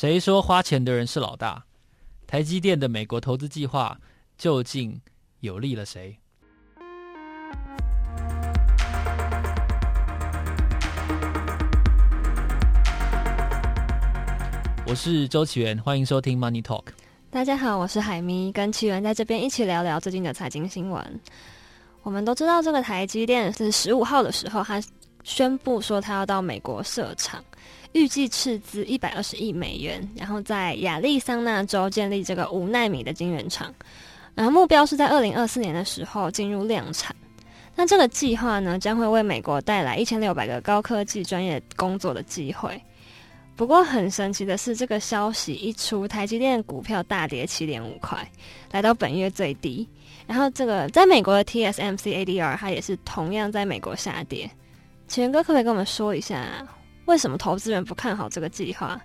誰說花錢的人是老大？台積電的美國投資計劃究竟有利了誰？我是周岐原，歡迎收聽 Money Talk。大家好，我是海咪，跟岐原在這邊一起聊聊最近的財經新聞。我們都知道，這個台積電是十五號的時候，他宣布說他要到美國設廠。預計斥資一百二十億美元，然後在亞利桑那州建立這個五奈米的晶圓廠，然後目標是在二零二四年的時候進入量產。那這個計劃呢，將會為美國帶來一千六百個高科技專業工作的機會。不過很神奇的是，這個消息一出，台積電股票大跌七點五塊，來到本月最低。然後這個在美國的 TSMC ADR 它也是同樣在美國下跌。岐原哥可不可以跟我們說一下啊？為什麼投資人不看好這個計劃？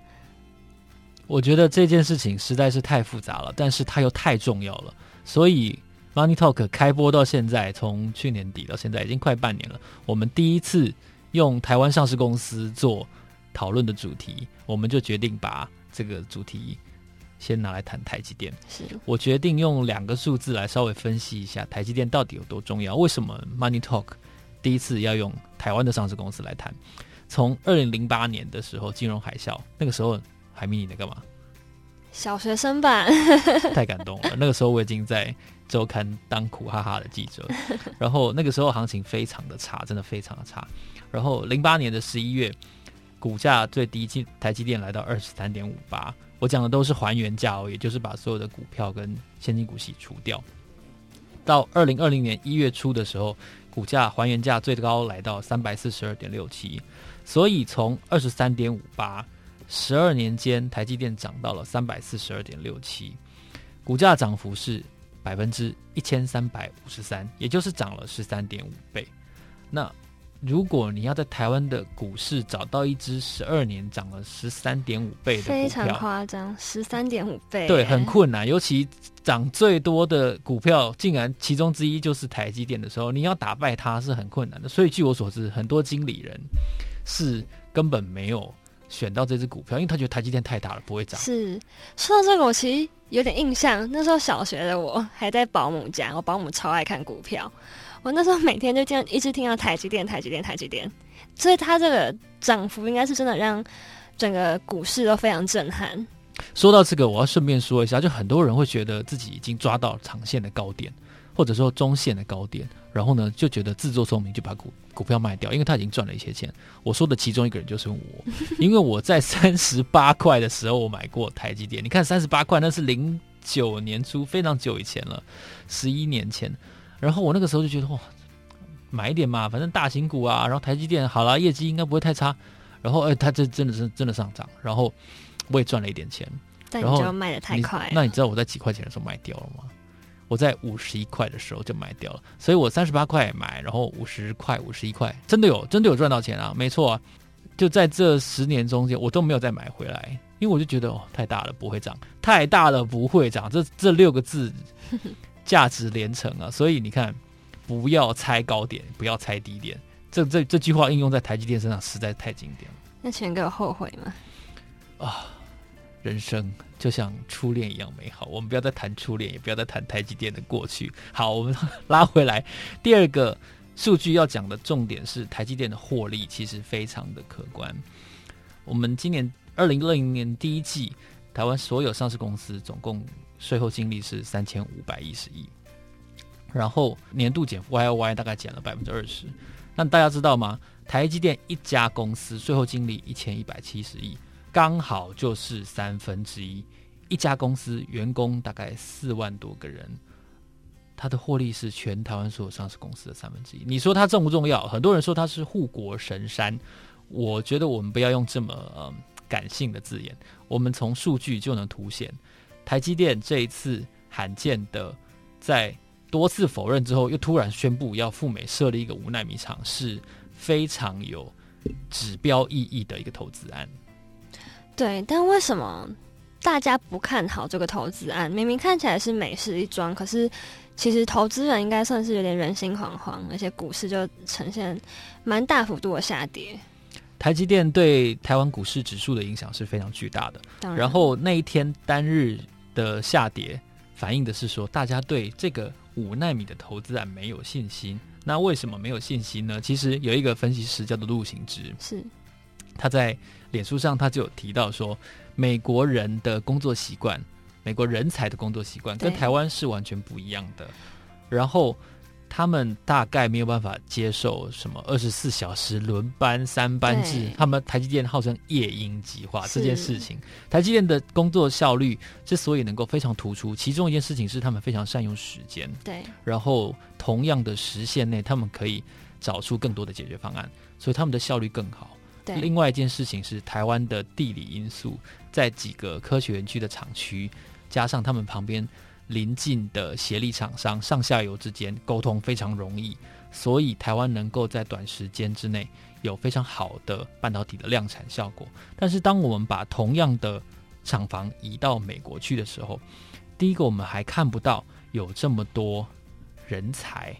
我覺得這件事情實在是太複雜了，但是它又太重要了。所以 Money Talk 開播到現在，從去年底到現在已經快半年了。我們第一次用台灣上市公司做討論的主題，我們就決定把這個主題先拿來談台積電。是。我決定用兩個數字來稍微分析一下台積電到底有多重要。為什麼 Money Talk 第一次要用台灣的上市公司來談？從二零零八年的時候，金融海嘯那個時候，海咪你在幹嘛？小學生版 太感動了。那個時候我已經在周刊當苦哈哈的記者，然後那個時候行情非常的差，真的非常的差。然後零八年的十一月，股價最低，台積電來到二十三點五八。我講的都是還原價哦，也就是把所有的股票跟現金股息除掉。到二零二零年一月初的時候，股價還原價最高來到三百四十二點六七。所以從二十三點五八，十二年間，台積電漲到了三百四十二點六七，股價漲幅是百分之一千三百五十三，也就是漲了十三點五倍。那如果你要在台灣的股市找到一支十二年漲了十三點五倍的股票，非常誇張，十三點五倍，對，很困難。尤其漲最多的股票，竟然其中之一就是台積電的時候，你要打敗它是很困難的。所以據我所知，很多經理人，是根本沒有選到這支股票，因為他覺得台積電太大了不會漲。是說到這個，我其實有點印象，那時候小學的我還在保姆家，我保姆超愛看股票，我那時候每天就聽一直聽到台積電、台積電、台積電，所以他這個漲幅應該是真的讓整個股市都非常震撼。說到這個，我要順便說一下，就很多人會覺得自己已經抓到長線的高點。或者說中線的高點，然後呢，就覺得自作聰明，就把股股票賣掉，因為他已經賺了一些錢。我說的其中一個人就是我，因為我在三十八塊的時候我買過台積電。你看三十八塊，那是零九年初，非常久以前了，十一年前。然後我那個時候就覺得哇，買一點嘛，反正大型股啊，然後台積電好啦，業績應該不會太差。然後哎，他、欸、這真的是真的上漲，然後我也賺了一點錢。然後但你就賣的太快，那你知道我在幾塊錢的時候賣掉了嗎？我在五十一塊的時候就買掉了，所以我三十八塊買，然後五十塊、五十一塊，真的有，真的有賺到錢啊！沒錯啊，就在這十年中間，我都沒有再買回來，因為我就覺得哦，太大了不會漲，太大了不會漲，這這六個字價值連城啊！所以你看，不要猜高點，不要猜低點，這這這句話應用在台積電身上實在太經典了。那岐哥後悔嗎？啊。人生就像初戀一樣美好。我們不要再談初戀，也不要再談台積電的過去。好，我們拉回來。第二個數據要講的重點是台積電的獲利，其實非常的可觀。我們今年二零二零年第一季，台灣所有上市公司總共稅後淨利是三千五百一十億，然後年度減 Y O Y 大概減了百分之二十。那大家知道嗎？台積電一家公司稅後淨利一千一百七十億。剛好就是三分之一，3, 一家公司員工大概四萬多個人，它的獲利是全台灣所有上市公司的三分之一。你說它重不重要？很多人說它是護國神山，我覺得我們不要用這麼、呃、感性的字眼。我們從數據就能凸顯，台積電這一次罕見的在多次否認之後，又突然宣布要赴美設立一個五奈米廠，是非常有指標意義的一個投資案。對，但為什麼大家不看好這個投資案？明明看起來是美事一樁，可是其實投資人應該算是有點人心惶惶，而且股市就呈現蠻大幅度的下跌。台積電對台灣股市指數的影響是非常巨大的。然,然後那一天單日的下跌，反映的是說大家對這個五奈米的投資案沒有信心。那為什麼沒有信心呢？其實有一個分析師叫做陸行之是。他在臉書上，他就有提到說，美國人的工作習慣，美國人才的工作習慣跟台灣是完全不一樣的。對然後他們大概沒有辦法接受什麼二十四小時輪班三班制，對他們台積電號稱夜鷹計劃這件事情，是台積電的工作效率之所以能夠非常突出，其中一件事情是他們非常善用時間。對，然後同樣的時限內，他們可以找出更多的解決方案，所以他們的效率更好。另外一件事情是台灣的地理因素，在幾個科學園區的廠區，加上他們旁邊鄰近的協力廠商，上下游之間溝通非常容易，所以台灣能夠在短時間之內有非常好的半導體的量產效果。但是當我們把同樣的廠房移到美國去的時候，第一個我們還看不到有這麼多人才。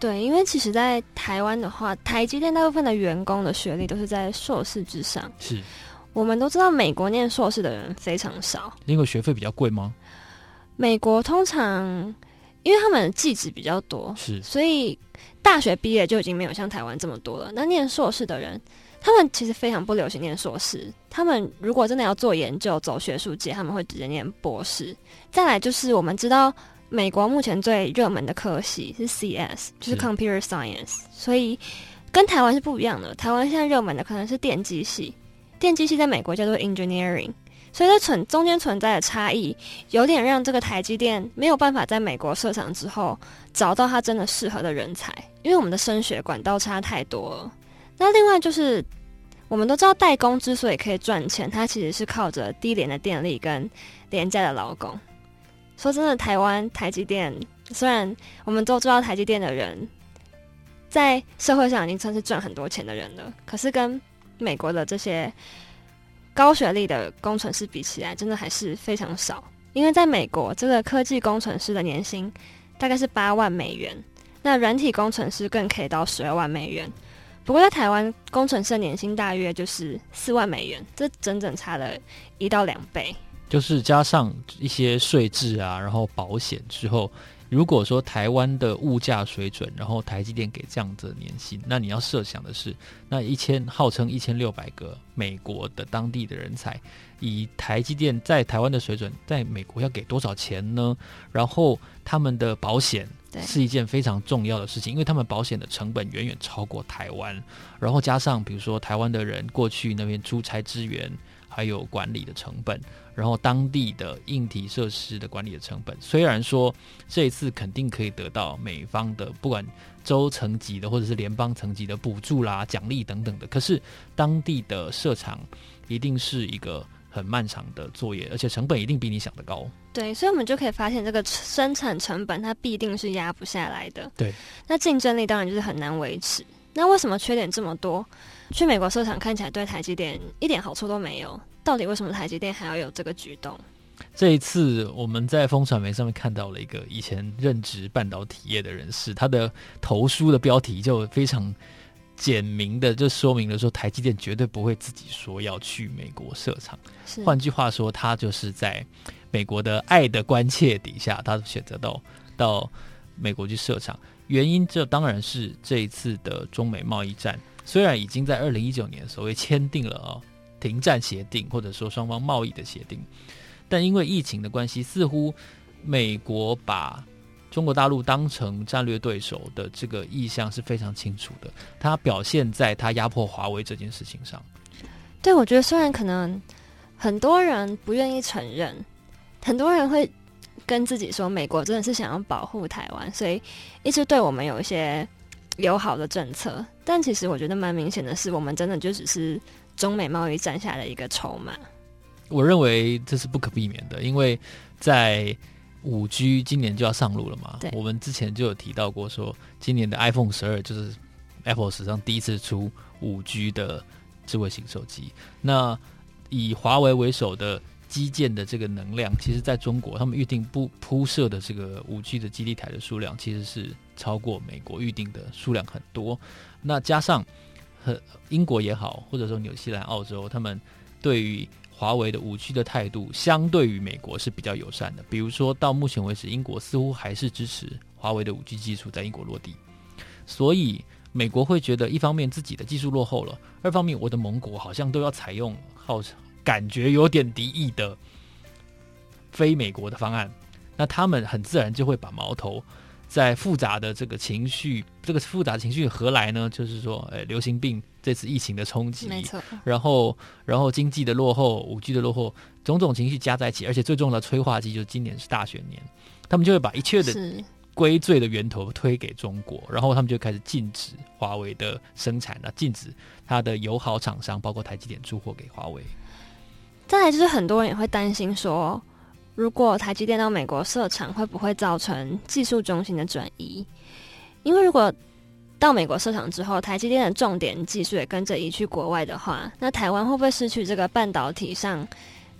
對，因為其實，在台灣的話，台積電大部分的員工的學歷都是在碩士之上。是，我們都知道美國念碩士的人非常少，那個學費比較貴嗎？美國通常因為他們的技職比較多，是，所以大學畢業就已經沒有像台灣這麼多了。那念碩士的人，他們其實非常不流行念碩士。他們如果真的要做研究、走學術界，他們會直接念博士。再來就是我們知道。美國目前最熱門的科系是 CS，就是 Computer Science，是。所以跟台灣是不一樣的。台灣現在熱門的可能是電機系，電機系在美國叫做 Engineering，所以存中間存在的差異，有點讓這個台積電沒有辦法在美國設廠之後找到它真的適合的人才，因為我們的升學管道差太多了。那另外就是，我們都知道代工之所以可以賺錢，它其實是靠着低廉的電力跟廉價的勞工。說真的，台灣台積電，雖然我們都知道台積電的人在社會上已經算是賺很多錢的人了，可是跟美國的這些高學歷的工程師比起來，真的還是非常少。因為在美國，這個科技工程師的年薪大概是八萬美元，那軟體工程師更可以到十二萬美元。不過在台灣，工程師的年薪大約就是四萬美元，這整整差了一到兩倍。就是加上一些稅制啊，然後保險之後，如果說台灣的物價水準，然後台積電給這樣子的年薪，那你要設想的是，那一千號稱一千六百個美國的當地的人才，以台積電在台灣的水準，在美國要給多少錢呢？然後他們的保險是一件非常重要的事情，對因為他們保險的成本遠遠超過台灣，然後加上比如說台灣的人過去那邊出差支援，還有管理的成本。然後當地的硬體設施的管理的成本，雖然說這一次肯定可以得到美方的不管州層級的或者是聯邦層級的補助啦、獎勵等等的，可是當地的設廠一定是一個很漫長的作業，而且成本一定比你想的高。對，所以我們就可以發現，這個生產成本它必定是壓不下來的。對，那競爭力當然就是很難維持。那為什麼缺點這麼多？去美國設廠看起來對台積電一點好處都沒有。到底為什麼台積電還要有這個舉動？這一次我們在風傳媒上面看到了一個以前任職半導體業的人士，他的投書的標題就非常簡明的就說明了說，台積電絕對不會自己說要去美國設廠。換是句話說，他就是在美國的愛的關切底下，他選擇到到美國去設廠。原因，這當然是這一次的中美貿易戰，雖然已經在二零一九年所謂簽訂了，哦停戰協定，或者說雙方貿易的協定，但因為疫情的關係，似乎美國把中國大陸當成戰略對手的這個意向是非常清楚的。他表現在他壓迫華為這件事情上。對，我覺得雖然可能很多人不願意承認，很多人會跟自己說，美國真的是想要保護台灣，所以一直對我們有一些友好的政策。但其實我覺得蠻明顯的是，我們真的就只是。中美貿易戰下的一個籌碼，我認為這是不可避免的，因為在五 G 今年就要上路了嘛。對我們之前就有提到過說，說今年的 iPhone 十二就是 Apple 史上第一次出五 G 的智慧型手機。那以華為為首的基建的這個能量，其實在中國，他們預定不鋪設的這個五 G 的基地台的數量，其實是超過美國預定的數量很多。那加上。和英國也好，或者說紐西蘭、澳洲，他們對於華為的武 G 的態度，相對於美國是比較友善的。比如說到目前為止，英國似乎還是支持華為的武 G 技術在英國落地。所以，美國會覺得一方面自己的技術落後了，二方面我的盟國好像都要採用好感覺有點敵意的非美國的方案，那他們很自然就會把矛頭，在複雜的這個情緒，這個複雜的情緒何來呢？就是說，哎，流行病這次疫情的衝擊，沒錯。然後，然後經濟的落後，五 G 的落後，種種情緒加在一起，而且最重要的催化劑就是今年是大選年，他們就會把一切的歸罪的源頭推給中國，是然後他們就開始禁止華為的生產，禁止它的友好廠商，包括台積電出貨給華為。再來就是很多人也會擔心說。如果台積電到美國設廠，會不會造成技術中心的轉移？因為如果到美國設廠之後，台積電的重點技術也跟着移去國外的話，那台灣會不會失去這個半導體上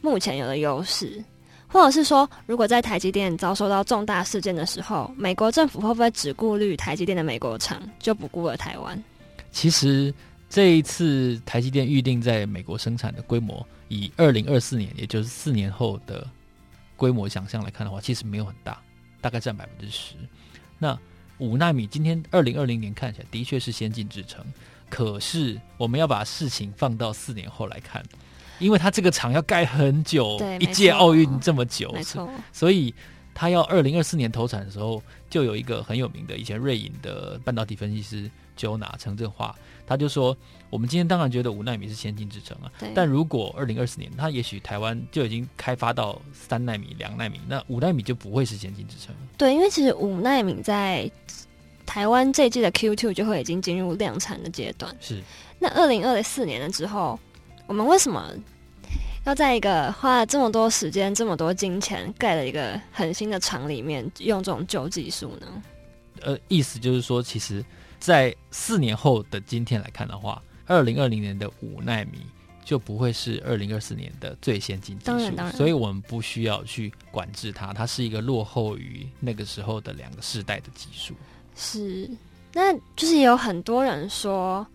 目前有的優勢？或者是說，如果在台積電遭受到重大事件的時候，美國政府會不會只顧慮台積電的美國廠，就不顧了台灣？其實這一次台積電預定在美國生產的規模，以二零二四年，也就是四年後的。規模想象來看的話，其實沒有很大，大概占百分之十。那五納米今天二零二零年看起來的確是先進製程，可是我們要把事情放到四年後來看，因為它這個廠要蓋很久，對一屆奧運這麼久，所以它要二零二四年投產的時候，就有一個很有名的以前瑞銀的半導體分析師 Jonah 程振華。他就說：“我們今天當然覺得五納米是先進製程啊。對但如果二零二四年，他也許台灣就已經開發到三納米、兩納米，那五納米就不會是先進製程了。對，因為其實五納米在台灣這一季的 Q two 就會已經進入量產的階段。是，那二零二四年了之後，我們為什麼要在一個花了這麼多時間、這麼多金錢蓋了一個很新的廠裡面用這種舊技術呢？呃，意思就是說，其實。在四年後的今天來看的話，二零二零年的五奈米就不會是二零二四年的最先進技術，當然，當然，所以我們不需要去管制它，它是一個落後於那個時候的兩個世代的技術。是，那就是也有很多人說，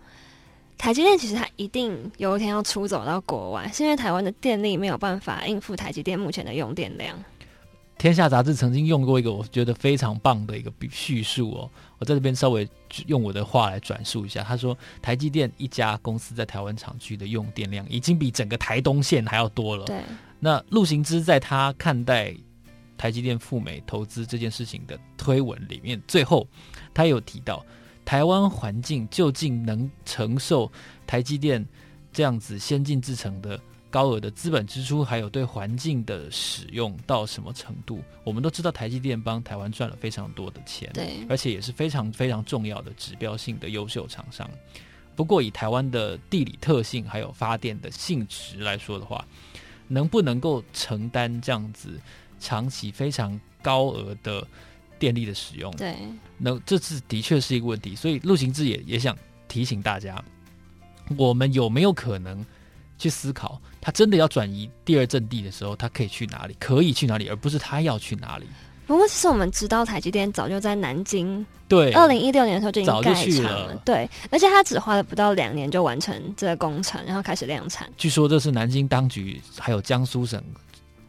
台積電其實它一定有一天要出走到國外，是因為台灣的電力沒有辦法應付台積電目前的用電量。天下雜誌曾經用過一個我覺得非常棒的一個敘述哦，我在這邊稍微用我的話來轉述一下。他說，台積電一家公司在台灣廠區的用電量，已經比整個台東縣還要多了。對。那陸行之在他看待台積電赴美投資這件事情的推文裡面，最後他有提到，台灣環境究竟能承受台積電這樣子先進製程的？高額的資本支出，還有對環境的使用到什麼程度，我們都知道台。台積電幫台灣賺了非常多的錢，對，而且也是非常非常重要的指標性的優秀廠商。不過，以台灣的地理特性還有發電的性質來說的話，能不能夠承擔這樣子長期非常高額的電力的使用？對，能，這次的確是一個問題。所以陸行之也也想提醒大家，我們有沒有可能去思考？他真的要轉移第二陣地的時候，他可以去哪裡？可以去哪裡？而不是他要去哪裡？不過其實我們知道，台積電早就在南京。對，二零一六年的時候就已經蓋廠了。早就去了對，而且他只花了不到兩年就完成這個工程，然後開始量產。據說這是南京當局還有江蘇省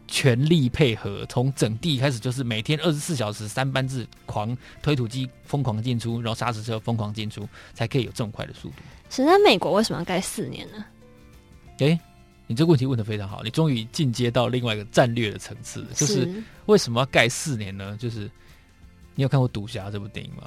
全力配合，從整地開始就是每天二十四小時三班制，狂推土機瘋狂進出，然後砂石車瘋狂進出，才可以有這麼快的速度。是那美國為什麼要蓋四年呢？誒。你這個問題問得非常好，你終於進階到另外一個戰略的層次，就是為什麼要蓋四年呢？就是你有看過《賭俠》這部電影嗎？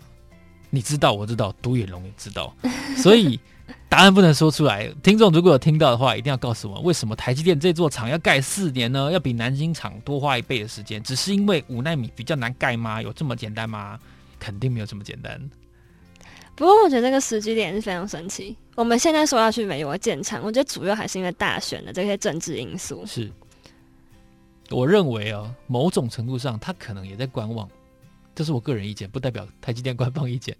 你知道，我知道，獨眼龍也知道，所以答案不能說出來。聽眾如果有聽到的話，一定要告訴我們，為什麼台積電這座廠要蓋四年呢？要比南京廠多花一倍的時間，只是因為五納米比較難蓋嗎？有這麼簡單嗎？肯定沒有這麼簡單。不過我覺得這個時機點是非常神奇。我們現在說要去美國建廠，我覺得主要還是因為大選的這些政治因素。是，我認為啊，某種程度上他可能也在觀望，這是我個人意見，不代表台積電官方意見。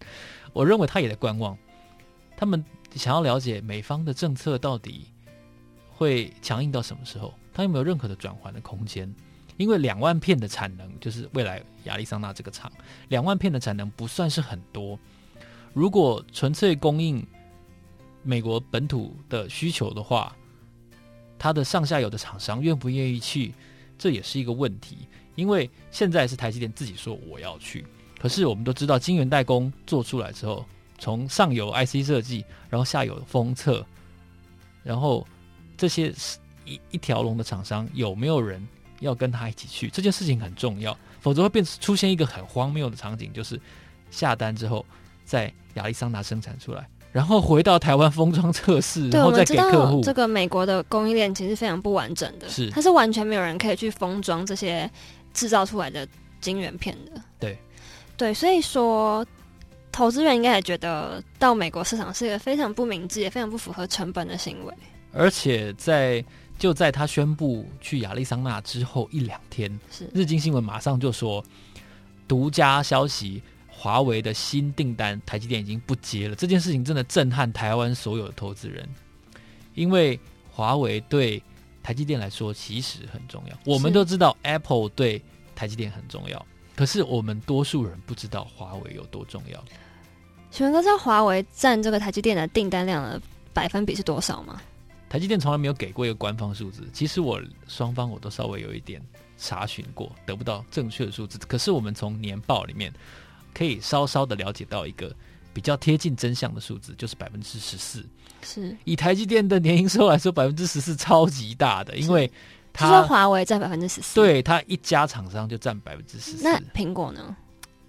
我認為他也在觀望，他們想要了解美方的政策到底會強硬到什麼時候，他有沒有任何的轉圜的空間。因為兩萬片的產能，就是未來亞利桑那這個廠兩萬片的產能不算是很多。如果純粹供應美國本土的需求的話，它的上下游的廠商願不願意去，這也是一個問題。因為現在是台積電自己說我要去，可是我們都知道，晶圓代工做出來之後，從上游 IC 設計，然後下游封測，然後這些一一條龍的廠商有沒有人要跟他一起去，這件事情很重要，否則會變出現一個很荒謬的場景，就是下單之後。在亞利桑那生產出來，然後回到台灣封裝測試，然後再給客戶。我們知道這個美國的供應鏈其實非常不完整的，是，它是完全沒有人可以去封裝這些制造出來的晶圓片的。對，對，所以說投資人應該也覺得到美國市場是一個非常不明智，也非常不符合成本的行為。而且在就在他宣布去亞利桑那之後一兩天，是日經新聞馬上就說獨家消息。華為的新訂單，台積電已經不接了。這件事情真的震撼台灣所有的投資人，因為華為對台積電來說其實很重要。我們都知道 Apple 對台積電很重要，是。可是我們多數人不知道華為有多重要。請問岐原哥知道華為佔這個台積電的訂單量的百分比是多少嗎？台積電從來沒有給過一個官方數字，其實我雙方我都稍微有一點查詢過，得不到正確的數字。可是我們從年報裡面。可以稍稍的了解到一個比較貼近真相的數字，就是百分之十四。是，以台積電的年營收來說，百分之十四超級大的，是因為他說華為占百分之十四，對他一家廠商就占百分之十四。那蘋果呢？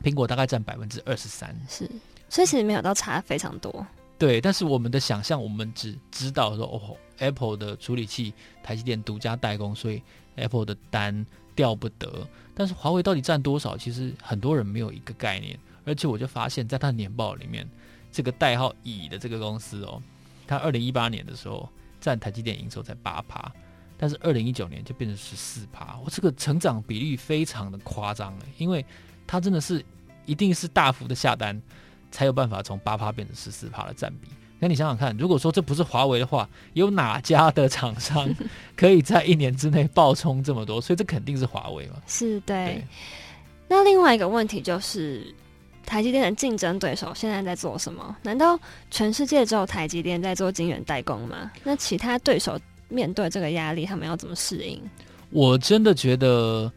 蘋果大概占百分之二十三。是，所以其實沒有到差非常多。嗯、對，但是我們的想象，我們只知道說、哦、，Apple 的處理器台積電獨家代工，所以 Apple 的單掉不得。但是華為到底占多少？其實很多人沒有一個概念。而且我就發現，在他年報裡面，這個代號乙的這個公司哦，他二零一八年的時候占台積電營收才八趴，但是二零一九年就變成十四趴。我這個成長比率非常的誇張了，因為它真的是一定是大幅的下單，才有辦法從八趴變成十四趴的占比。那你想想看，如果說這不是華為的話，有哪家的廠商可以在一年之內暴衝這麼多？所以這肯定是華為嘛？是對。對。那另外一個問題就是，台積電的競爭對手現在在做什麼？難道全世界只有台積電在做晶圓代工嗎？那其他對手面對這個壓力，他們要怎麼適應？我真的覺得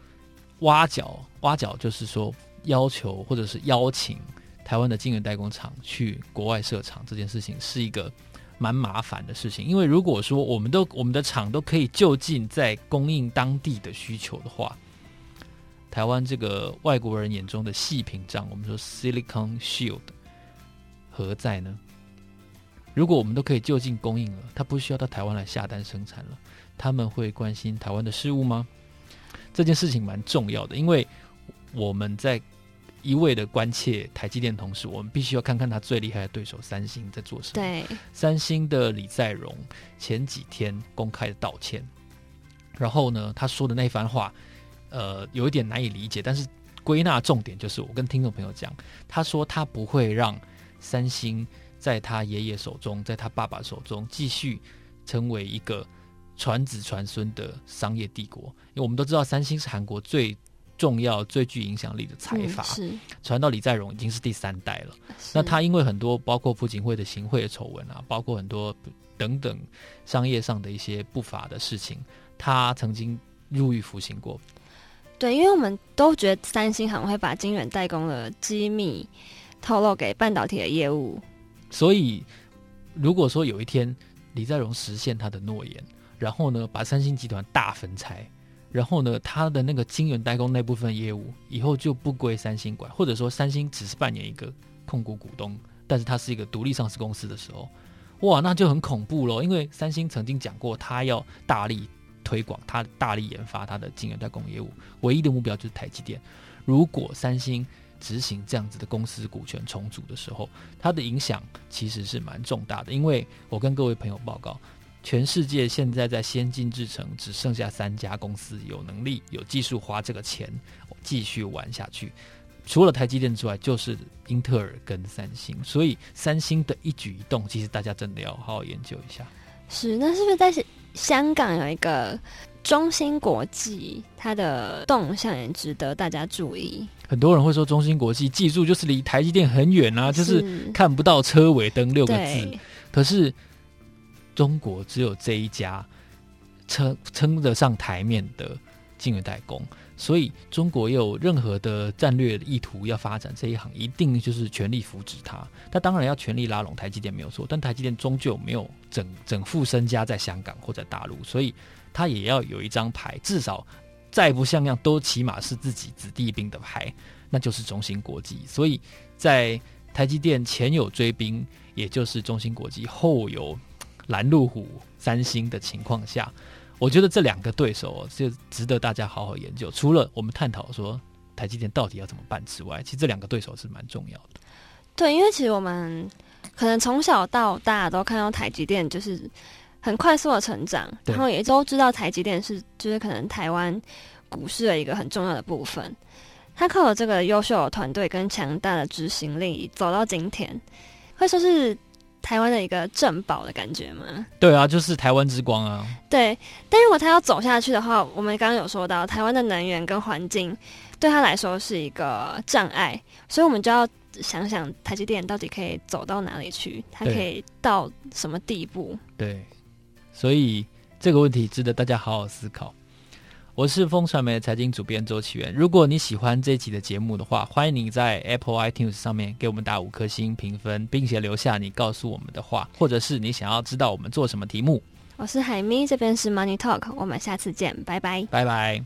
挖角，挖角就是說要求或者是邀請。台灣的晶圓代工廠去國外設廠這件事情是一個蠻麻煩的事情，因為如果說我們都我們的廠都可以就近在供應當地的需求的話，台灣這個外國人眼中的“矽屏障”，我們說 “Silicon Shield” 何在呢？如果我們都可以就近供應了，他不需要到台灣來下單生產了，他們會關心台灣的事務嗎？這件事情蠻重要的，因為我們在。一味的關切台積電，同時我們必須要看看他最厲害的對手三星在做什麼。對，三星的李在鎔前幾天公開的道歉，然後呢，他說的那一番話，呃，有一點難以理解。但是歸納重點就是，我跟聽眾朋友講，他說他不會讓三星在他爺爺手中，在他爸爸手中繼續成為一個傳子傳孫的商業帝國，因為我們都知道三星是韓國最。重要、最具影響力的財閥，傳、嗯、到李在鎔已經是第三代了。是那他因為很多包括朴槿惠的行賄的醜聞啊，包括很多等等商業上的一些不法的事情，他曾經入獄服刑過。對，因為我們都覺得三星很會把晶圓代工的機密透露給半導體的業務。所以，如果說有一天李在鎔實現他的諾言，然後呢，把三星集團大分拆。然後呢，他的那個晶圓代工那部分業務以後就不歸三星管，或者說三星只是扮演一個控股股東，但是他是一個獨立上市公司的時候，哇，那就很恐怖咯，因為三星曾經講過，他要大力推廣，他大力研發他的晶圓代工業務，唯一的目標就是台積電。如果三星執行這樣子的公司股權重組的時候，它的影響其實是蠻重大的。因為我跟各位朋友報告。全世界現在在先進製程只剩下三家公司有能力、有技術花這個錢繼續玩下去，除了台積電之外，就是英特爾跟三星。所以三星的一舉一動，其實大家真的要好好研究一下。是，那是不是在香港有一個中芯國際，它的動向也值得大家注意？很多人會說中芯國際技術就是離台積電很遠啊，是就是看不到車尾燈六個字。對可是。中國只有這一家撐撐得上台面的晶圓代工，所以中國也有任何的戰略意圖要發展這一行，一定就是全力扶持它。它當然要全力拉攏台積電沒有錯，但台積電終究沒有整整副身家在香港或者在大陸，所以它也要有一張牌，至少再不像樣，都起碼是自己子弟兵的牌，那就是中芯國際。所以在台積電前有追兵，也就是中芯國際，後有。攔路虎三星的情況下，我覺得這兩個對手就值得大家好好研究。除了我們探討說台積電到底要怎麼辦之外，其實這兩個對手是蠻重要的。對，因為其實我們可能從小到大都看到台積電就是很快速的成長，對然後也都知道台積電是就是可能台灣股市的一個很重要的部分。他靠着這個優秀的團隊跟強大的執行力走到今天，可以說是台灣的一個鎮寶的感覺嗎？對啊，就是台灣之光啊。對，但如果他要走下去的話，我們剛剛有說到，台灣的能源跟環境對他來說是一個障礙，所以我們就要想想台積電到底可以走到哪裡去，它可以到什麼地步？對。對，所以這個問題值得大家好好思考。我是風傳媒財經主編周岐原。如果你喜歡這期的節目的話，歡迎你在 Apple iTunes 上面給我們打五顆星評分，並且留下你告訴我們的話，或者是你想要知道我們做什麼題目。我是海咪，這邊是 Money Talk，我們下次見，拜拜，拜拜。